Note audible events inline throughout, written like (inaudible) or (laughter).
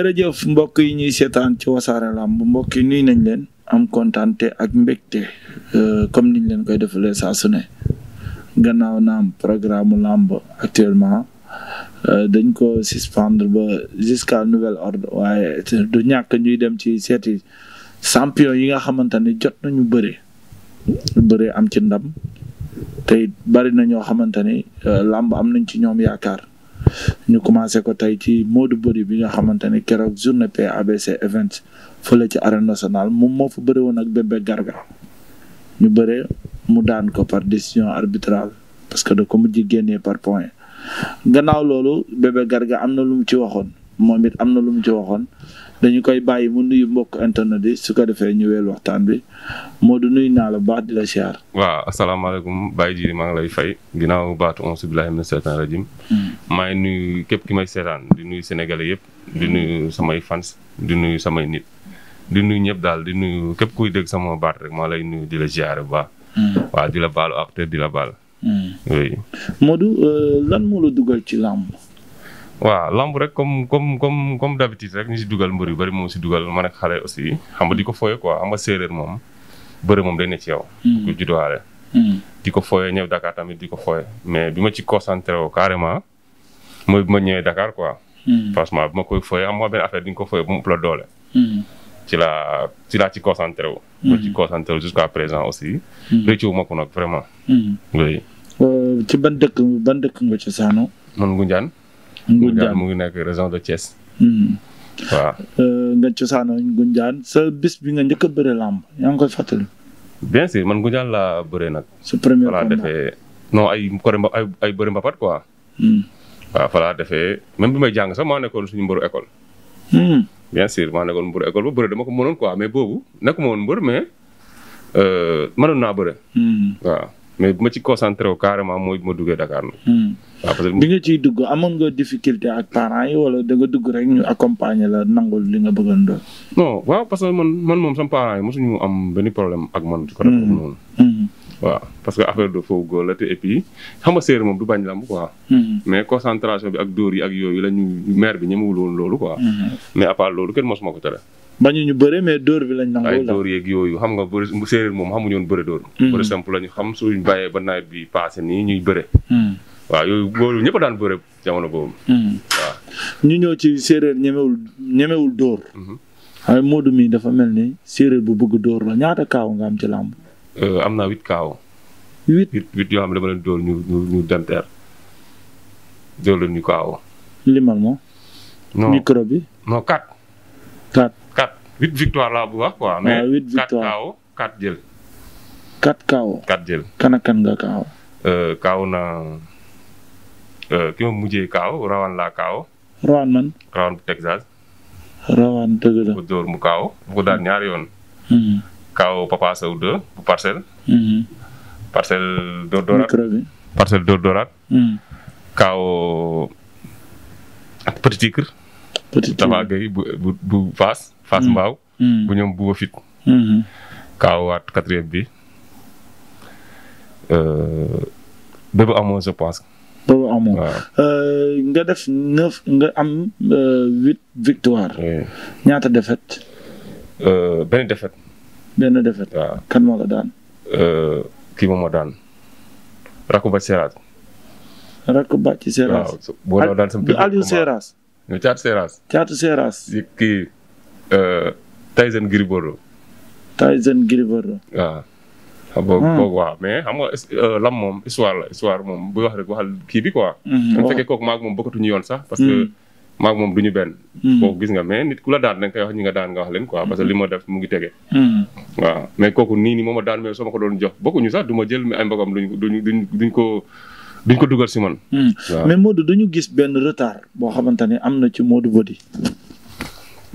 jërëjëf mbokk yi ñuy seetaan ci wasaare làmb mbokk yi nuyu nañ leen am kontaante ak mbégte euh, comme niñ leen koy defalee saa ne gannaaw naam programme làmb actuellement euh, dañ ko suspendre ba jusqu'à nouvelle ordre waaye du ñàkk ñuy dem ci seeti champion yi nga xamante ne jot nañu bëre bëre am ci ndam te it bari na ñoo xamante ni euh, làmb am nañ ci ñoom yaakaar ñu commencé ko tey ci Modou Body bi nga xamante ne keroog journée PABC event fële ci arène nationale moom moo fa bëri woon ak bébé garga ñu bëre mu daan ko par décision arbitrale parce que da ko mujj génnee par point gannaaw loolu bébé garga am na lu mu ci waxoon moom it am na lu mu ci waxoon dañu koy bàyyi mu nuyu mbokk internet yi su ko defee ñëwee weel waxtaan bi moo du nuyu naa la baax di la siyaar. waaw asalaamaaleykum Baye Djily maa ngi lay fay ginnaaw baatu on subilahi mina seytaan rajim hmm. maa ngi nuyu képp ki may seetaan di nuyu sénégalais yëpp. di hmm. nuy samay fans di nuyu samay nit. di nuy ñëpp daal di nuyu képp kuy dégg sama baat rek maa lay nuyu di la siyaare bu baax. Hmm. waaw di la baalu ak te di la baal. oui. Modou euh, lan moo la dugal ci làmb. waaw lamb rek comme comme comme comme d'habitude rek ñu si dugal mbër yu bëri moom si dugal man ak xale aussi xam nga di ko fooye quoi xam nga séeréer moom bëri moom day ne ci yow. Hmm. ko judduwaale. Hmm. di ko fooye ñëw Dakar tamit di ko fooye mais bi ma ci concentré woo carrément mooy bi ma ñëwee Dakar quoi. Hmm. franchement bi ma koy fooye am nga benn affaire di nga ko fooye ba mu la doole. ci laa ci laa ci concentré wu. ma ci concentré wu jusqu'à présent aussi. rëccu wu ma ko nag vraiment. Euh, ci ban dëkk ban dëkk nga ci saano. man Ngoundiane. Ngunjaan mu ngi nekk région de Thiès. Hmm. waaw. Euh, nga cosaanoo Ngunjaan sa bis bi nga njëkk a bëre làmb yaa ngi koy fàttali. bien sûr man Ngunjaan laa bëree nag. sa premier combat voilà defee non ay kore mba ay ay mbapat quoi. Hmm. waaw defee même bi may jàng sax maa nekkoon suñu mbëru école. Hmm. bien sûr maa nekkoon mbëru école ba bëre dama ko mënoon quoi mais boobu nekkuma woon mbër mais euh, manoon naa bëre. waaw. mais bu ma ci concentré wu carrément mooy bu ma duggee Dakar nag. Hmm. waaw parce que bi nga ciy dugg amoon nga difficulté ak parents yi wala da nga dugg rek ñu accompagner la nangul li nga bëggoon doon. non waaw parce que man man moom sama parents yi mosuñu am benn problème ak man. ci côté boobu hmm. noonu. Hmm. waaw parce que affaire de foofu góor la te et puis xam nga moom du bañ lamb quoi. mais concentration bi ak dóor yi ak yooyu la ñu maire bi ñemewul woon loolu quoi. mais à part loolu kenn mosuma ko tere. bañu ñu bëre mais dóor bi lañ nangoo. ay dóor yeeg yooyu xam nga bëri séeréer moom xamuñu woon bëre dóor. par hmm. exemple lañu xam suñu bàyyee ba nawet bi passé nii ñuy bëre. Hmm. waaw yooyu loolu ñëpp daan bëre jamono boobu. Hmm. waaw ñu ñëw ci séeréer ñemewul ñemewul dóor. waaye mhm. Modou mii dafa mel ni séeréer bu bugg dóor la ñaata kaaw nga am ci làmb. Euh, am naa huit kaaw. huit huit yoo xam ne dama leen dóor ñu ñu dóor la ñu kaaw. limal ma. non bi. non quatre. quatre. huit victoire laa bëgg wax quoi. Ah, mais victoire quatre KO quatre jël. quatre KO quatre jël. kan euh, na euh, ki ma mujjee KO rawan laa KO. rawan man. rawan bu Texas. rawan dëgg bu dóor mu KO bu ko daan ñaari yoon. Mm-hmm. KO Papa Sow bu parcelle. Mm-hmm. parcelle dóor dóoraat parcelle dóor dóoraat. Mm. KO bu bu bu Fass mm. Mbaaw. Mm. bu ñoom bu fit. Mm-hmm. kaawaat quatrième bi. Euh, bébé amoon je pense. bébé amoon euh, nga def neuf nga am euh, huit victoire. ñaata défaite. benn défaite. benn défaite. waaw kan moo la daan. kii moom moo daan. Rakuba Seras. Rakuba ci Seras. waaw boo daan sama. Aliou Seras. caatu Seras. caatu Seras. Euh, Tyson Gris Bordeaux. Tyson Gris ah. ah, Bordeaux. waaw. xam hmm. nga kooku waaw mais xam euh, lam moom histoire la histoire moom bu wax rek waxal kii bi quoi. Hmm, bu fekkee kooku maag moom bokkatuñu yoon sax. parce que hmm. maag moom du ñu benn. kooku gis nga mais nit ku la daan da koy wax ñi nga daan nga wax leen quoi parce que li ma def mu tege. waaw mais kooku nii nii moom a daan mais soo ma ko doon jox bokkuñu sax du ma jël ay mbokam duñ duñ duñ ko. duñ ko dugal si man. mais du ñu gis benn retard boo xamante ne am na ci Modou Body.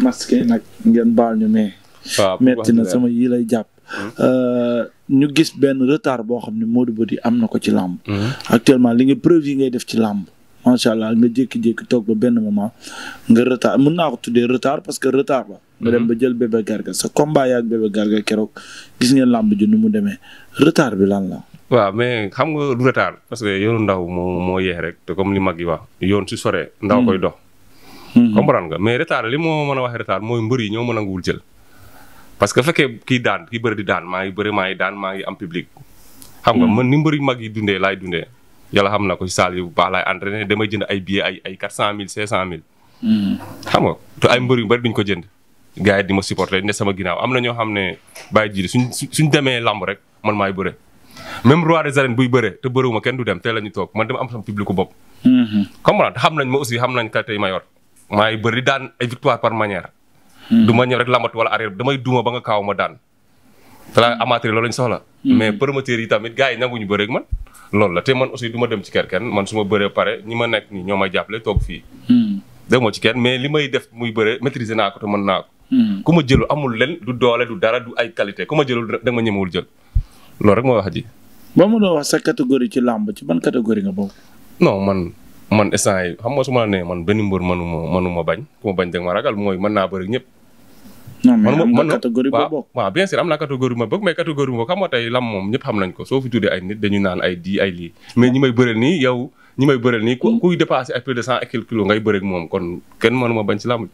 masque nag ngeen baal ñu mais. waaw metti na sama yii lay jàpp. Hmm. Euh, ñu gis benn retard boo xam ne Modou yi am na ko ci làmb. Hmm. actuellement li nga preuve yi ngay def ci làmb. macha allah nga jékki-jékki toog ba benn moment nga retard mën naa ko tuddee retard parce que retard ba nga dem hmm. ba jël bébé garga sa combat yaak bébé garga keroog gis ngeen làmb ju nu mu demee retard bi lan la. waaw mais xam nga du parce que yoonu ndaw moo moo yeex rek te kom li mag yi wax yoon su soree. ndaw koy Mhm. comprendre nga mais retard li moo mën a wax retard mooy mbër yi ñoo mën a nanguwul jël parce que fekkee kii daan kii bëri di daan maa ngi bëri maa ngi daan maa ngi am public xam nga mhm. man ni mbër yu mag yi dundee laay dundee yàlla xam na ko si saal yi bu baax laay entraîné damay jënd ay billets ay ay quatre cent mille cinq cent mille mhm. xam nga te ay mbër yu bëri duñ ko jënd gars yi di ma supporté ne sama ginnaaw am na ñoo xam ne bàyyi jiidi suñ suñ demee lamb rek man maay bëre même roi des arènes buy bëre te bëriwuma kenn du dem tey la ñu toog man dama am sama public bopp comprendre xam nañ ma aussi xam nañ ka tey ma yor maay bëri daan ay victoire par manière. Hmm. du ma ñëw rek lambatu wala arrière damay duma ba nga kaaw ma daan. te la amateur loolu lañ soxla. Hmm. mais promoteur yi tamit gars yi nanguñu bëri ak man. loolu la te man aussi du ma dem ci kër kenn man su ma bëree pare ñi ma nekk nii ñoo may jàppale toog fii. Hmm. demoo ci kenn mais li may def muy bëre maîtriser naa ko te mën naa ko. ku ma jëlul amul lel du doole du dara du ay qualité ku ma jëlul da nga jël loolu rek moo wax ji. boo mënoo wax sa catégorie ci làmb ci ban catégorie nga bokk. non man man instant yi xam nga su ma nee man benn mbër mënu ma mënu bañ ku ma bañ dégg ma ragal mooy man naa bëri ñëpp. non mais am na catégorie boo bien sûr am na catégorie ma bëgg mais catégorie boo xam nga tey lam moom ñëpp xam nañ ko soo fi tuddee ay nit dañu naan ay di ay lii mais ñi may bëreel nii yow ñi may bëreel nii ku mm. kuy dépassé ay plus de cent et ngay bëreeg moom kon kenn mënu ma bañ si lamb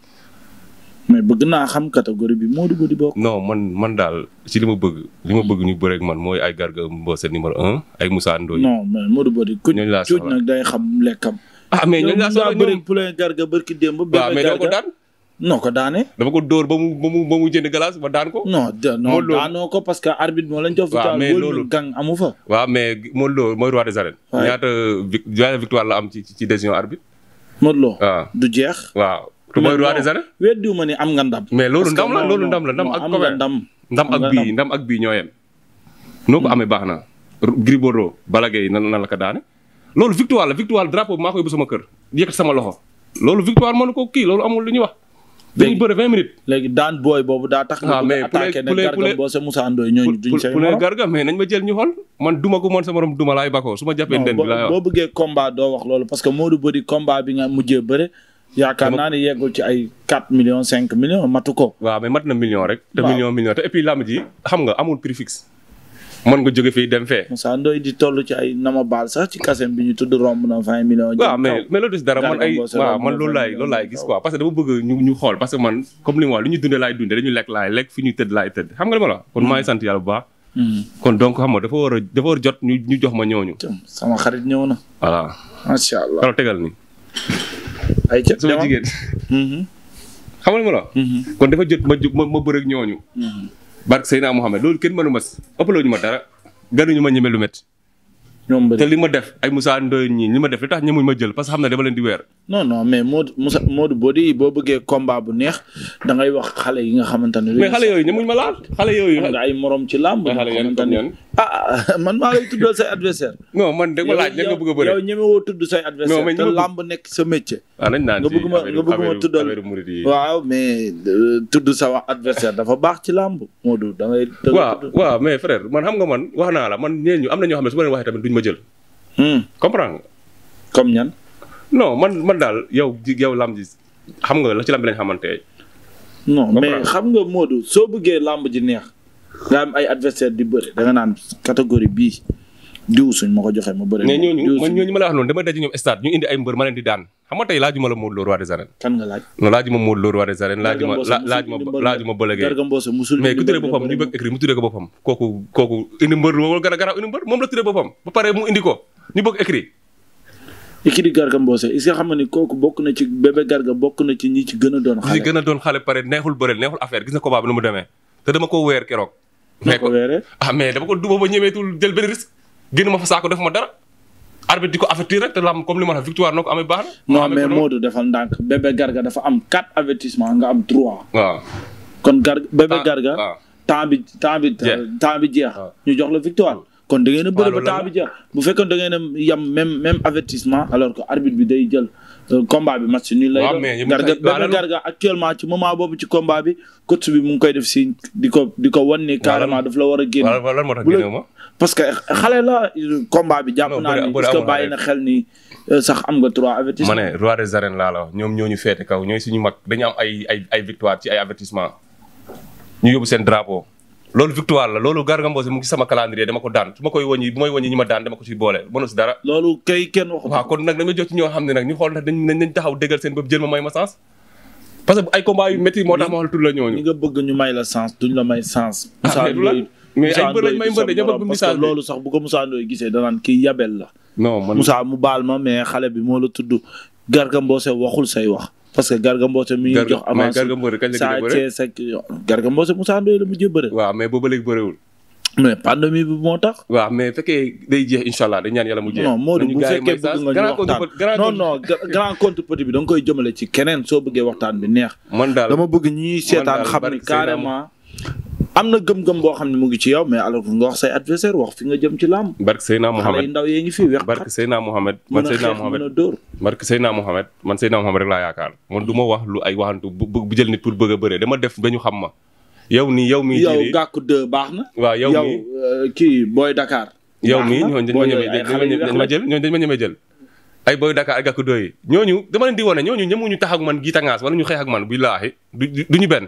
mais bëgg naa xam catégorie bi Modou Godi bokk. non man man daal ci li ma bëgg. li ma bëgg ñu bëre ak man mooy ay Garga Mbossé numéro un ay Moussa Ndoye. non mais Modou Godi. ñooñu laa soxla nag day xam lekkam. ah mais ñooñu laa soxla ñoom bëri Garga barki démb. waaw mais doo ko daan. noo ko daane. dama ko dóor ba mu ba mu mu jënd glace ba daan ko. non non daanoo ko parce que arbitre moo lañ. waaw mais loolu gang amu fa. waaw mais Modou Lo mooy roi des arènes. la am ci ci décision arbitre. Modou Lo du jeex waaw mooy roi des ma ni am nga ndam. mais loolu ndam la loolu ndam la ndam ak. am ndam ndam ak bii ndam ak bii ñoo yem. noo ko amee baax na. Gris Bordeaux Balla Gaye nan nan la ko daane. loolu victoire la victoire drapeau bi maa ko yóbbu sama kër yëkkati sama loxo loolu victoire mënu ko kii loolu amul lu ñuy wax. dañuy bëre 20 minutes. léegi daan booy boobu daa tax. ah mais poulet poulet poulet boo sa Moussa Ndoye ñooñu duñ seen morom ko man sama doo wax loolu parce que Modou Bodi combat bi nga mujjee bëre yaakaar naa ne yeggul ci ay 4 millions 5 millions matu ko. waa mais mat na million rek. te million million te et puis làmb xam nga amul prix fixe. nga jóge fii dem fee. Moussa di toll ci ay nama baal sax ci kasem tudd romb na 20 millions. waaw mais mais loolu des dara man ay waaw man loolu laay loolu laay gis quoi parce que dama bëgg ñu ñu xool parce que ma kon maa hmm. sant yàlla bu baax. Hmm. kon donc xam dafa war a dafa jot ñu ñu jox ma ñooñu. sama xarit ñëw na. voilà macha allah tegal ni ay ca sama jigéen. Mm-hmm. xam nga ma la. Mm-hmm. kon dafa jët ma jóg ma ma bëreeg ñooñu. Mm-hmm. barke Seydina Mohamed loolu kenn mënu ma ëppaloo ñu ma dara ganuñu ma ñeme lu métti. te li ma def ay Moussa Ndoye ñii li ma def li tax ñemuñ ma jël parce que xam na dama leen di weer. non non mais Modou Moussa Modou Bodi boo bëggee combat bu neex da wax xale yi nga xamante ne. nga ay morom ci làmb. (laughs) Ah, (laughs) a ñemewoo tudd say adversaire te làmb nekk sa métier. Ah, nga bëgg tuddal waaw mais euh, tudd man xam nga man wax naa la man am na ñoo xam ne su waxee tamit duñ ma Hmm. nga jël. comprendre comme ñan. non man man daal yow yow lamb ji xam nga la ci lamb bi lañ xamante non mais xam nga Modou soo bëggee lamb ji neex nga am ay adversaire di bëri da naan catégorie bii diw suñ ma ko joxee ma bëri. mais la wax noonu dama daje ñoom stade ñu indi ay mbër ma leen di daan xam nga tey laajuma ku ba pare mu indi ko ñu bëgg écrit Garga Mbossé est-ce kooku bokk na ci bébé Garga bokk na ci ñi ci gën a doon xale a doon xale pare neexul bëreel neexul affaire gis na combat bi nu mu demee te dama ko weer keroog mais ah mais dama ko duba ba ñemeetul jël benn risque génn ma fa saako def ma dara. arbitre di ko avertir rek te lamb comme li ma la victoire noo ko amee baax na. non mais Modou defal ndànk bébé Garga dafa am quatre avertissement nga am trois. waaw kon Garga ah, bébé Garga. temps bi temps bi temps bi jeex. ñu jox la victoire. kon da ngeen a bëri ah, temps bi jeex. bu fekkoon da ngeen a yam même même avertissement alors que arbitre bi day jël. combat bi match nul lay doon garga benn garga actuellement ci moment boobu ci combat bi coach bi mu ngi koy def si di ko di ko wan ni carrément daf la war a génn lan parce que xale la combat bi jàpp naa ni parce que bàyyi na xel ni euh, sax am nga trois avertissement ma ne roi des arènes laa la wax ñoom ñoo ñu feete kaw ñooy suñu mag dañu am ay ay ay victoire ci ay avertissement ñu yóbbu seen drapeau loolu victoire la loolu Garga Mbossé mu ngi sama calendrier dama ko daan su ma koy wàññi bu may wàññi ñi ma daan dama ko ci boole mënu si dara. loolu kay kenn waxu waaw kon nag dama jot ci ñoo xam ma may ma sens. mu baal ma mais bi moo la tudd Garga Mbossé waxul say wax parce que Garga Mbossé mi ngi jox avance Garga Mbossé kañ la gën a bëre sa Garga Mbossé la mujjee bëre. waaw mais booba léegi bëreewul. mais pandémie bi moo tax. waaw mais fekkee day jeex incha allah dañ ñaan yàlla mu jeex. non Modou bu fekkee bëgg nga ñu waxtaan non non grand contre petit bi da nga koy jëmale ci keneen soo bëggee waxtaan bi neex. man daal dama bëgg ñiy seetaan xam ni carrément. am na gëm-gëm boo xam ne mu ngi ci yow mais alors nga wax say adversaire wax fi nga jëm ci làmb. barke Seyna Mohamed man Seyna Mohamed a dóor. barke Seyna man Seyna Mohamed rek laa yaakaar man du ma wax lu ay waxantu jël nit pour bëgg a bëree dama def ba ñu xam ma. yow nii yow mii yow gàkku de baax na. waaw yow mii kii booy dakaar yow mii euh, ñooñu dañ ma ñemee dañ jël ñooñu dañ ma ñemee jël. ay booy Dakar ay gàkku de yi ñooñu dama leen di wane ñooñu ñemuñu tax man giita ngaas wala ñu xeex ak man billaahi duñu benn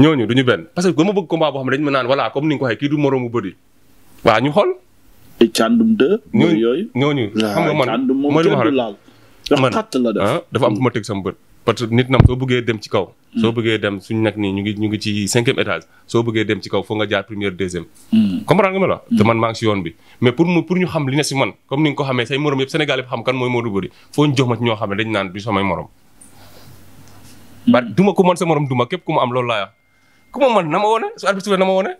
ñooñu du ñu benn parce que dama bëgg combat boo xam ne dañu mën naan voilà comme ni nga ko waxee kii du moroomu bëri waa ñu xool. xam ne ah, am fu ma teg sama bët. nit nam soo bëggee dem ci kaw. Hmm. soo bëggee dem suñu nag nii ñu ngi ñu ngi ci cinquième étage soo bëggee dem ci kaw foo nga jaar première deuxième. Hmm. comprendre nga ma la. Hmm. yoon bi mais pour mu ñu xam li ne si man comme ni nga ko xamee say morom yëpp Sénégal yëpp xam kan mooy Modou Body foo ñu ma ci ñoo xam ne dañu naan du samay morom. ba du ku ko man sa morom du ma képp ku ma am loolu laa ku ma mën na ma wone su arbitre suufee na ma wone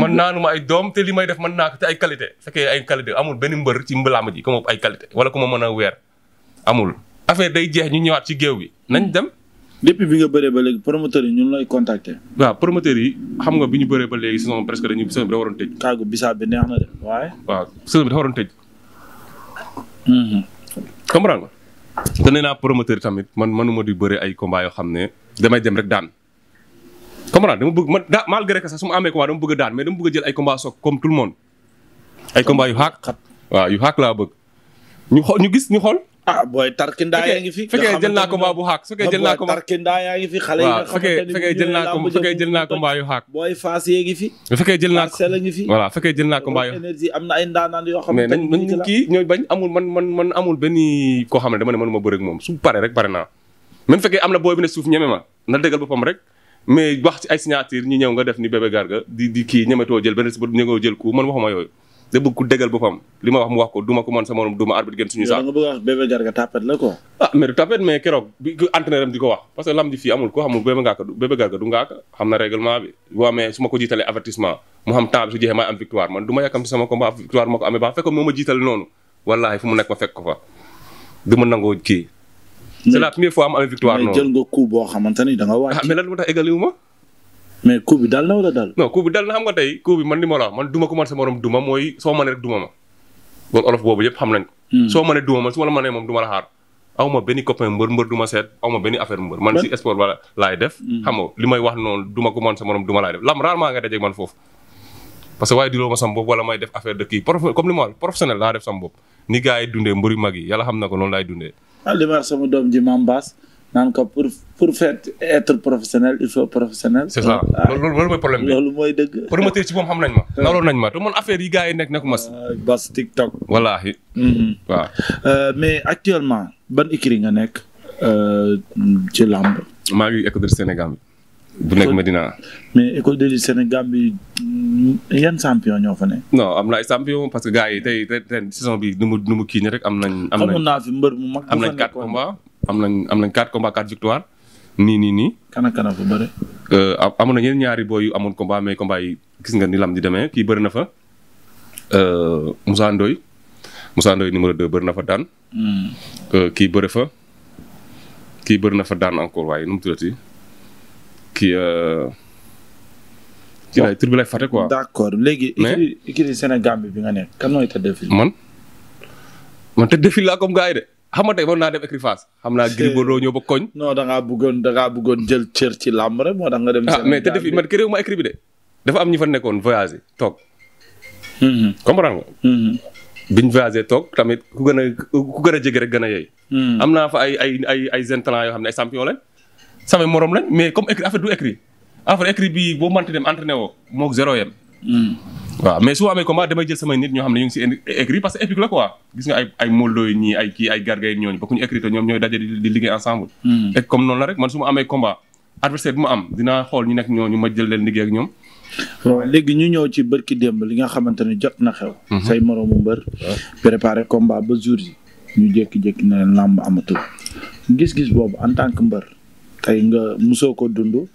man naanu ma ay doom te li may def man naa ko te ay qualité fekkee ay qualité amul benn mbër ci mbalaama ji ku ma ay qualité wala ku ma a weer amul affaire day jeex ñu ñëwaat ci géew bi nañ hmm. dem. depuis bi nga bëree ba léegi promoteurs yi ñun lay contacter. waaw promoteurs yi xam nga bi ñu bëree ba léegi saison presque dañu saison bi dafa waroon tëj. kàggu bisaab bi neex na de waaye. waaw saison bi dafa waroon tëj. Hmm. comprendre nga. te nee naa promoteur tamit man mënuma di bëre ay combat yoo xam ne damay dem rek daan. comment dama bëgg man daa sax su amee combat dama bëgg a daan mais dama bëgg ay comme ay combat yu xaak laa bëgg ñu xool ñu gis xool. ah booy tarkindaa yaa ngi fi. nga fekkee jël na combat bu xaak su yaa ngi fi xale naa combat fekkee jël faas yee fi. fekkee jël naa parcelle a ngi fi. voilà fekkee na ay ndaanaan xam ne. mais nañ nañ kii ñooy bañ amul man man benn koo xam ne dama ne mënuma bëre ak moom su pare rek pare naa. même fekkee am na booy bi ne suuf ñeme ma na dëggal boppam rek mais wax ci ay signature ñu ñëw nga def ni bébé garga di di kii ñemetoo jël benn si ñëngoo jël ku man waxuma yooyu da bëgg ku dëggal boppam li ma wax mu wax ko duma ko man sa morom duma arbitre gën suñu saa nga bëgg wax bébé garga ah, du tapet am di ko wax parce que lam di fii amul ko xamul bébé ngaaka bébé garga du ngaaka xam na règlement bi bu amee su ma ko jiitalee avertissement mu xam temps bi su jeexee maay am victoire man du ma yàkkam si sama combat victoire ma ko amee ba fekk moo ma jiitale noonu wallaahi fu mu nekk ma fekk c'est la première fois am amee victoire noonu. mais jël nga coup boo xamante ni da nga ah, wàcc. ah mais lan moo tax égaliwu ma. mais coup bi dal na wala dal. non ma la man duma ko man sa morom duma mooy soo mënee rek duma ma. loolu olof boobu yëpp xam nañ hmm. man su ma la mënee moom duma la xaar. aw ma benn copain mbër mbër du ma seet aw ma benn affaire mbër man si sport wala laay def. Hmm. xam nga li may wax noonu ma sam yi dundee mbëri mag yi yàlla xam na ko noonu lay dundee li ma wax sama doom ji Mambaas naan ko pour pour faire être professionnel il faut professionnel. c'est ça ah, loolu loolu mooy problème bi loolu mooy dëgg. promoteur ci moom xam nañ ma. nawloon ah. nañ ma te man affaire yi gars yi nekk nekkuma si. Ah, bas TikTok. wallaahi. Mhm. waaw. Euh, mais actuellement ban écurie nga nekk euh, ci làmb. maa ngi écurie Sénégal. bu nekk Medina. mais école de lutte Sénégal bi mm, yan champion ñoo fa ne. non am na ay champion parce que gars yi tey ren saison bi nu mu nu mu kii nii rek am nañ. am nañ xamoon fi mbër mu mag. am nañ quatre combats am nañ am nañ quatre combats quatre victoire nii nii nii. kana kana fa bëre. Euh, am na ñeneen ñaari booy yu amoon combat mais combat yi gis nga ni lam di demee kii bëri na fa euh, Moussa Ndoye Moussa Ndoye numéro 2 bëri na fa daan. Hmm. Euh, kii bëri fa kii bëri na fa daan encore waaye nu mu kii a lay tur bi lay fàtte quoi. d'accord léegi. mais écurie Sénégal bi nga nekk kan mooy tête de file. man man tête de file laa de xam nga tey mën naa dem écurie xam naa Gris Bordeaux ñëw ba koñ. non da ngaa bëggoon da ngaa jël cër ci làmb rek moo tax dem. Sénégal ah, mais tête de file man këréew ma écurie bi de dafa am ñu fa nekkoon voyagé toog. Mm-hmm. comprendre nga. Mm-hmm. biñ voyagé toog tamit ku gën a gën a jege rek gën a yey. Mm-hmm. am naa fa ay ay ay ay jeunes yoo xam ne ay champion lañ samay morom lañ mais comme écrit affaire du écrit affaire écrit bi boo mënti dem entraîné woo moog zéro yem. Hmm. waaw mais su ma amee combat jël samay nit ñoo xam ne ñu ngi si écrit parce que épique la quoi gis nga ay ay Moldo ñoom ñooy daje di liggéey ensemble. Hmm. et comme noonu la ma amee combat adversaire bi ma am dinaa xool ñu nekk ñooñu ma jël leen liggéey ak ñoom. waaw léegi ñu ñëw ci bërki démb li nga xamante ne jot na xew. Hmm. say moroomu mbër. préparé combat ba jour yi ñu jékki-jékki na leen làmb amatul gis-gis boobu en tant que mbër tey nga musoo ko dund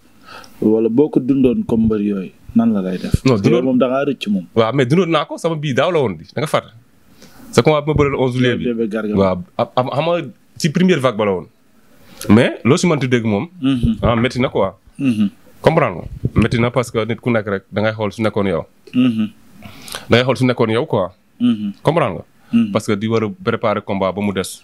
wala boo ko dundoon comme mbër yooyu nan la lay def. non dundoon moom da ngaa rëcc moom. waaw mais dundoon naa ko sama bii daaw la woon bi da nga fàtt sa combat bi ma bëre la 11 juillet bi waaw am xam nga ci première vague la woon. mais loo si mënti dégg moom. Mhm. ah métti na quoi. Mhm. comprendre nga na parce que nit ku nekk rek da xool su nekkoon yow. Mhm. da xool su nekkoon yow quoi. comprendre nga. parce que di war a préparer combat ba mu des.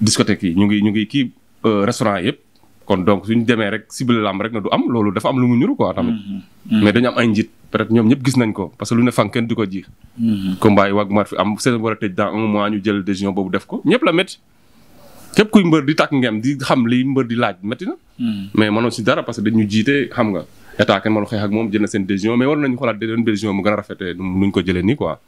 discothèque yi ñu ngi ñu ngi kii euh, restaurant yëpp kon donc suñu demee rek cible rek na du am loolu dafa am lu mu ñuru quoi tamit. Mm-hmm. Mm-hmm. mais dañu am ay njiit ñoom ñëpp gis nañ ko parce que lu ne fan kenn du ko ji. Mm-hmm. mois ñu jël décision boobu def ko ñëpp la métti. képp kuy mbër di tàkk ngem di xam li mbër di laaj métti na. mais mënoon si dara jiite xam nga état kenn mënu xeex ak moom jël na seen décision mais war nañu xoolaat décision décision mu gën a rafetee nuñ ko jëlee nii quoi.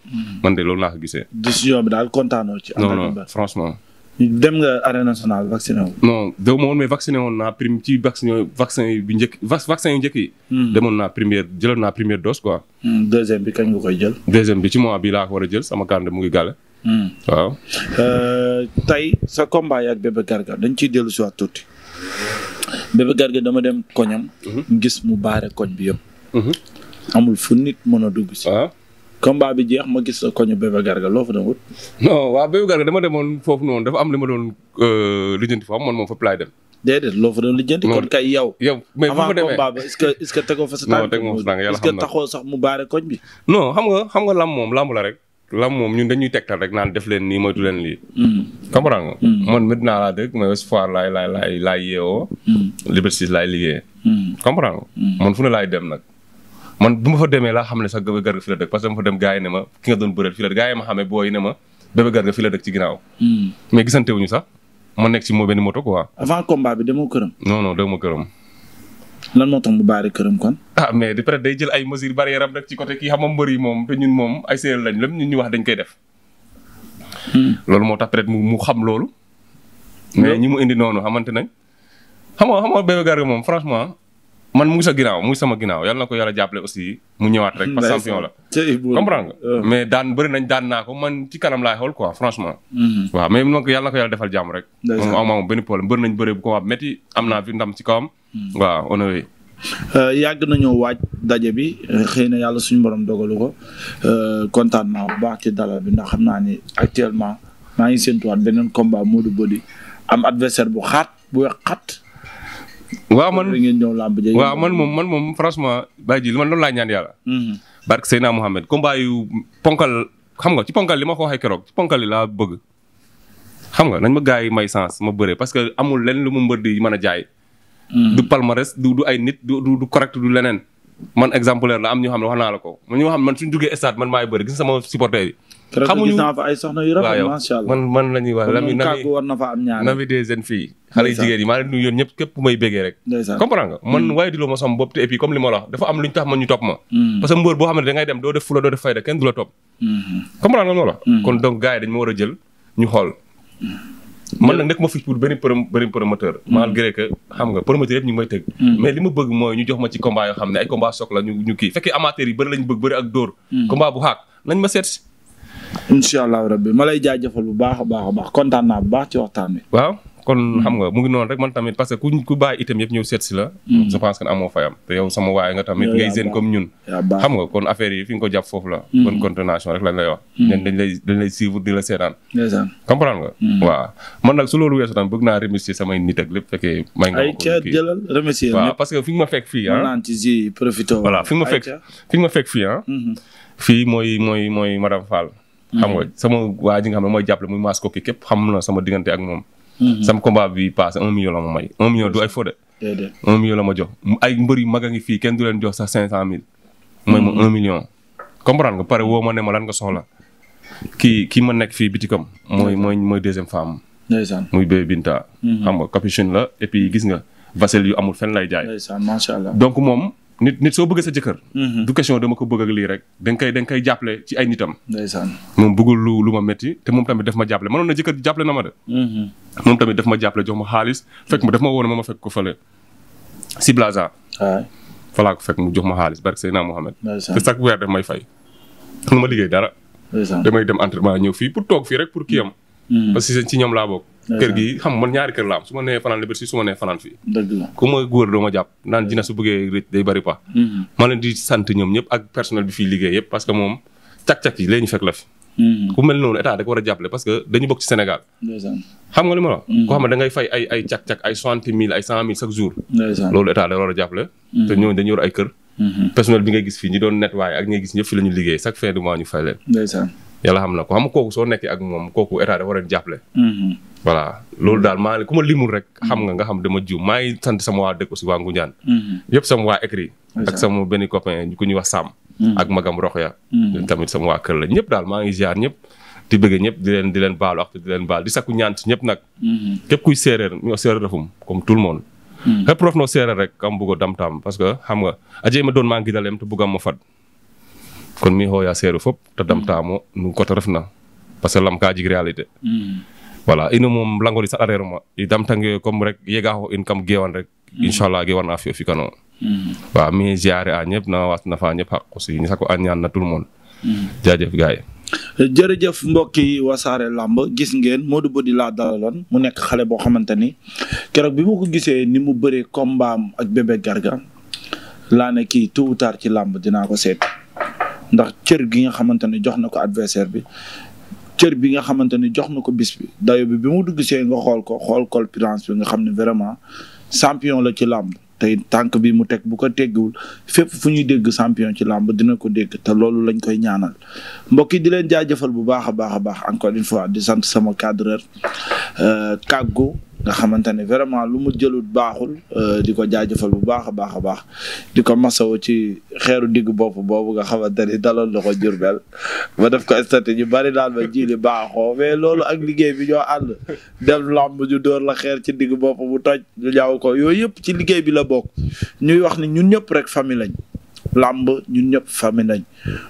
man de loolu laa ko gisee. décision bi daal kontaanoo ci. non non franchement. dem nga arène nationale vacciné wu. non dew ma woon mais vacciné woon naa prime ci vacciné vaccin yi bi njëkk vaccin yu njëkk yi. Hmm. demoon naa première jëloon naa première dose quoi. Hmm, deuxième bi kañ nga koy jël. deuxième bi ci mois bi laa ko war a jël sama kànd mu ngi gàll. Hmm. waaw. Euh, tey sa combat ak Bébé Garga dañ ci dellu si waat tuuti Bébé Garga dama dem koñam. Mhm. gis mu baare koñ bi yëpp. Mhm. amul fu nit mën a dugg si. Ah. combat bi jeex ma gis sa koñu bébé garga loo fa doon wut. non waaw bébé garga dama demoon foofu noonu dafa am li ma doon euh, lijjanti foofu man moom fa laay dem. déedéet loo fa doon lijjanti. kon kay yow. yow mais bu ma demee avant combat ba est-ce sa tànk. non teg ma fa xam na xam nga xam moom lamb la rek. lamb moom ñun dañuy tegtal rek naan def leen nii moytu leen lii. Hmm. comprendre nga. Hmm. man Medina laa dëkk mais Ouest Foire laay laay laay laay yeewoo. Hmm. Liberté laay liggéeyee. comprendre nga. man fu ne laay dem nag man bu ma fa demee laa xam ne sax Bébé Garga fi la dëkk parce que dama fa dem gars yi ne ma ki nga doon bëreel fi la yi ma xamee booy ne ma Bébé Garga fi ci ginnaaw. Hmm. mais gisante wuñu sax ma nekk ci moo benn moto quoi. avant combat bi demoo këram. non non kon. ah mais peut être day jël ay mesures barrières am rek ci côté kii xam nga mbër yi moom te ñun moom ay séeréer lañ lépp ñun ñu wax dañ koy def. Hmm. loolu moo tax peut être mu xam loolu. mais hmm. ñi mu indi noonu xamante nañ. xam nga xam nga Bébé Garga moom franchement man mu ngi sa ginnaaw mu ngi sama ginnaaw yàlla na ko yàlla jàppale aussi mu ñëwaat rek. parce que la comprendre euh. mais daan bëri nañ daan naa ko man ci kanam laay xool quoi franchement. Mm-hmm. waaw mais donc yàlla na ko yàlla rek. ndeysaan moom amaa moom benn problème waa métti am naa fi ndam ci kawam. Mm-hmm. waaw on est. Euh, yàgg nañoo waaj daje bi xëy na yàlla suñu borom dogalu ko euh, kontaan naa bu baax ci dalal bi ndax xam naa ni actuellement maa ngi séntuwaat beneen combat Modou Body am adversaire bu xaat bu xat waaw man waaw man moom man moom franchement bàyyi ji li man loolu laa ñaan yàlla mhm. barke Seydina Mohamed combat yu ponkal xam nga ci ponkal li ma ko waxee keroog ci ponkal li laa bëgg xam nga nañ ma gars yi may sens ma bëree parce que amul lenn lu mu mbër di man a jaay mhm. du palmarès du du ay nit du du correct du leneen man exemplaire la am ñoo xam ne wax naa la ko ñu xam ne man suñu duggee stade man maay bëri gis sama supporter xamuñu naa fa ay soxna man man ñuy wax lami nami war na fa am ñaar nami des jeunes filles xale yu jigéen yi maa leen nuyu yéen ñëpp képp may béggee rek comprendre nga man mm. waaye di loo ma sama bopp te et puis comme ma la wax ñu tax man ñu topp ma mm. parce que mbër boo xam ne mm-hmm. nga ma la mm. kon donc gars yi ma war a jël ñu xool man nag nekk ma fi pour benn promoteur malgré que xam nga promoteur yëpp ñu may tëgg mais li ma bëgg mooy ñu jox ma ci combat yoo xam ne ay combat soxla ñu ñu kii fekkee amateur yi bëri lañu bëgg bëri ak incha allah rabbi ma lay jaajëfal bu baax a baax a baax kontaan naa bu baax ci waxtaan bi. waaw kon hmm. xam nga mu ngi noonu rek man tamit parce que ku ku bàyyi itam yëpp ñëw seet si la. Hmm. je pense que amoo fayam te yow sama waay kon affaire yi fi ko jàpp la. kon hmm. continuation rek lañ lay wax. dañ lay dañ lay suivre di la seetaan. comprendre nga. waaw man nag su loolu weesoo tam bëgg naa remercier samay nit ak lépp fekkee. may nga ay ca parce que fi nga ma fekk fii ah. mën naan voilà fi ma fekk fi nga fii ah. fii mooy mooy mooy madame Fall. xam nga mm-hmm. sama waa ji nga xam ne mooy jàppale muy maas kooki képp xam na sama diggante ak moom. Mm-hmm. sama combat bi passé un million la ma may un million la ma jox ay mbër yu mag a ngi fii kenn du leen jox sax cinq cent mille. mooy ma un mm-hmm. million. comprendre pare woo ma ne ma lan nga soxla. kii kii ma nekk fii bitikam. mooy mooy mooy deuxième femme. ndeysaan muy bébé Binta. xam nga capuchin la et puis gis nga vaisselle yu amul fenn lay jaay. ndeysaan macha allah donc moom. nit nit soo bëggee sa jëkkër. Mm-hmm. du question dama ko bëgg lii rek da nga koy da koy jàppale ci ay nitam. ndeysaan moom bëggul lu lu ma métti te moom tamit daf ma jàppale mënoon na jëkkër jàppale na ma mm-hmm. moom tamit daf ma jàppale jox ma xaalis fekk ma def ma woon ma ma fekk ko fële si blaza. waaw laa ko fekk mu jox ma xaalis barke Seydina Mohamed. te chaque weer daf may fay. nu ma liggéey dara. damay dem entraînement ñëw fii pour toog fii rek pour kii am. Mm-hmm. parce que si ñoom laa bokk. kër gi xam man ñaari kër la am su ma nee fanaan Liberté su ma nee fanaan fii. dëgg la ku ma góor doo ma jàpp naan dina su bëggee day bari pa. Mm-hmm. ma leen sant ñoom ñëpp ak personnel bi fii liggéey yëpp parce que moom càq-càq yi léegi ñu fekk la fi. Mm-hmm. ku mel noonu état da war a jàppale parce que dañu bokk ci Sénégal. xam nga li ma la wax. Mm-hmm. koo xam ne da ngay fay ay ay càq ay soixante mille ay cent mille chaque jour. loolu état da war a jàppale. te ñooñu dañu yor ay kër. personnel bi ngay gis fii ñi doon nettoyer ak fi la ñu liggéey chaque yàlla xam na ko xam nga kooku soo nekkee ak moom kooku état dafa war a jàppale. Mm-hmm. voilà loolu daal maa ku ma limul rek. xam nga nga xam dama jiw maa ngi sant sama waa dëkk aussi waa Ngunjaan. Mm-hmm. yëpp sama waa écrit ak sama benn copain ku ñuy wax Sam. Mm-hmm. ak magam Roxya. tamit sama waa kër la ñëpp daal maa ngi ziar ñëpp. di bëgg ñëpp di leen di leen baalu di leen baal di sakku ñaan ci ñëpp nag. képp kuy séeréer ñoo séeréer dafum comme tout le monde. xëpp roof noo séeréer rek am bugg a damtaam parce que xam nga ajee ma doon maa ngi dalem te bugg am ma fad kon mi hooya seeɗo fof toddamtamo mm. ndu koto refna par que lam ka jigi réalité mm. voilà ino mom langol saɗarero ma i damtange comme rek yega ho in kam gewan rek mm. inchallah gewan a fiyo fikano wa mi jare a ñëpp na wasna fa ñëpp xaq aussi ni sako añan na tout le monde jaajëf gaay jërëjëf wasaare làmb gis ngeen Modou Body laa dalaloon mu nekk xale boo xamante ni keroog bi ma ko gisee ni mu bëree combat am ak bébé garga laa ne kii ou tard ci làmb dinaa ndax cër gi nga xamante ne jox na ko adversaire bi cër bi nga xamante ne jox na ko bis bi dayo bi bi mu dugg see nga xool ko xool corpulence bi nga xam ne vraiment champion la ci làmb tey tànk bi mu teg bu ko teggiwul fépp fu ñuy dégg champion ci làmb dina ko dégg te loolu lañ koy ñaanal mbokk yi di leen jaajëfal bu baax a baax a baax encore une fois di sant sama cadreur euh, kàggu nga xamante ne vraiment lu mu jëlut baaxul euh, di ko jaajëfal bu baax a baax a baax di ko masawu ci xeeru digg bopp boobu nga xamante ni daloon na ko Jurbel ba def ko statut ñu bari daal ba jili baaxoo mais loolu ak liggéey bi ñoo ànd dem làmb ñu dóor la xeer ci digg bopp bu toj ñu ñaaw ko yooyu yëpp ci liggéey bi la bokk ñuy wax ni ñun ñëpp rek famille lañ làmb ñun ñëpp famille lañ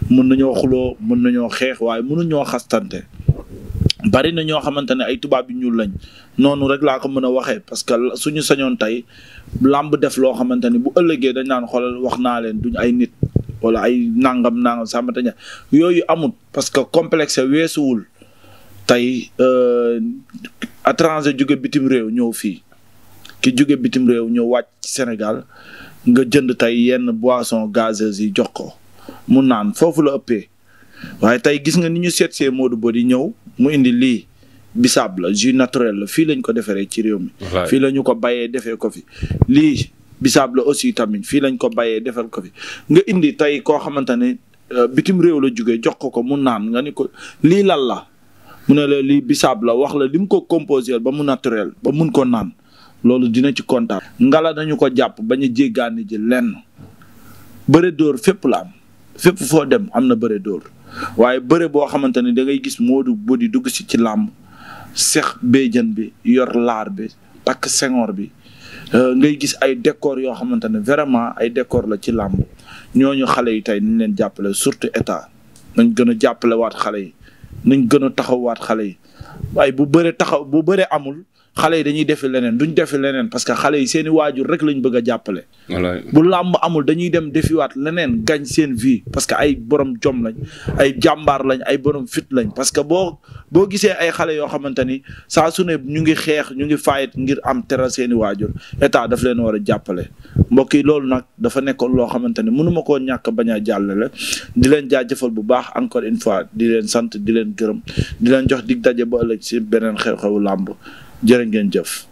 mun nañoo xuloo mun nañoo xeex waaye ñoo xastante bari na ñoo xamante ne ay tubaab yu ñuul lañ noonu rek laa ko mën a waxee parce que suñu sañoon tey làmb def loo xamante ni bu ëllëgee dañ naan xoolal wax naa leen duñ ay nit wala ay nangam nangam sàmmata ña yooyu amut parce que complexe weesuwul tey euh, étranger jóge bitim réew ñëw fii ki jóge bitim réew ñëw wàcc Sénégal nga jënd tey yenn boisson gazeuse yi jox ko mu naan foofu la ëppee waaye tey gis nga ni ñu seetsee Modou Body ñëw mu indi lii bisaab la jus naturel la fii lañ ko defaree ci réew mi. fii la ñu ko bayee defee ko fi lii bisaab la aussi tamit fii lañ ko bayee defar ko fi nga indi tey koo xamante ne euh, bitim réew la jugee jox ko ko mu naan nga ni ko lii lan la mu ne la lii bisaab la wax la lim ko composé ba mu naturel ba mun ko naan loolu dina ci kontaan. ngala dañu ko jàpp bañ a jéggaani ji lenn bëre dóor fépp la am fépp foo dem am na bëre dóor. waaye bëre boo xamante ne da ngay gis bu di dugg si ci làmb seex béjjën bi yor laar bi takk sengoor bi euh, ngay gis ay décor yoo xamante ne vraiment ay décor la ci làmb ñoo ñu xale yi tey nañ leen jàppale surtout état nañ gën a jàppale waat xale yi nañ gën a taxaw waat xale yi waaye bu bëre taxaw bu bëre amul xale yi dañuy defi leneen duñ defi leneen parce que xale yi seeni i waajur rek lañ bëgg a jàppale. bu làmb amul dañuy dem defiwaat leneen gañ seen vie parce que ay borom jom lañ ay jàmbaar lañ ay borom fit lañ parce que boo boo gisee ay xale yoo xamante ni saa su ne ñu ngi xeex ñu ngi fayit ngir am teral seeni waajur état daf leen war a jàppale. mbokk yi loolu nag dafa nekkoon loo xamante ni mënu ma koo ñàkk bañ a jàllale di leen jaajëfal bu baax encore une fois di leen sant di leen gërëm di leen jox dig daje ba ëllëg si beneen xew-xewu làmb. jërë ngeen jëf.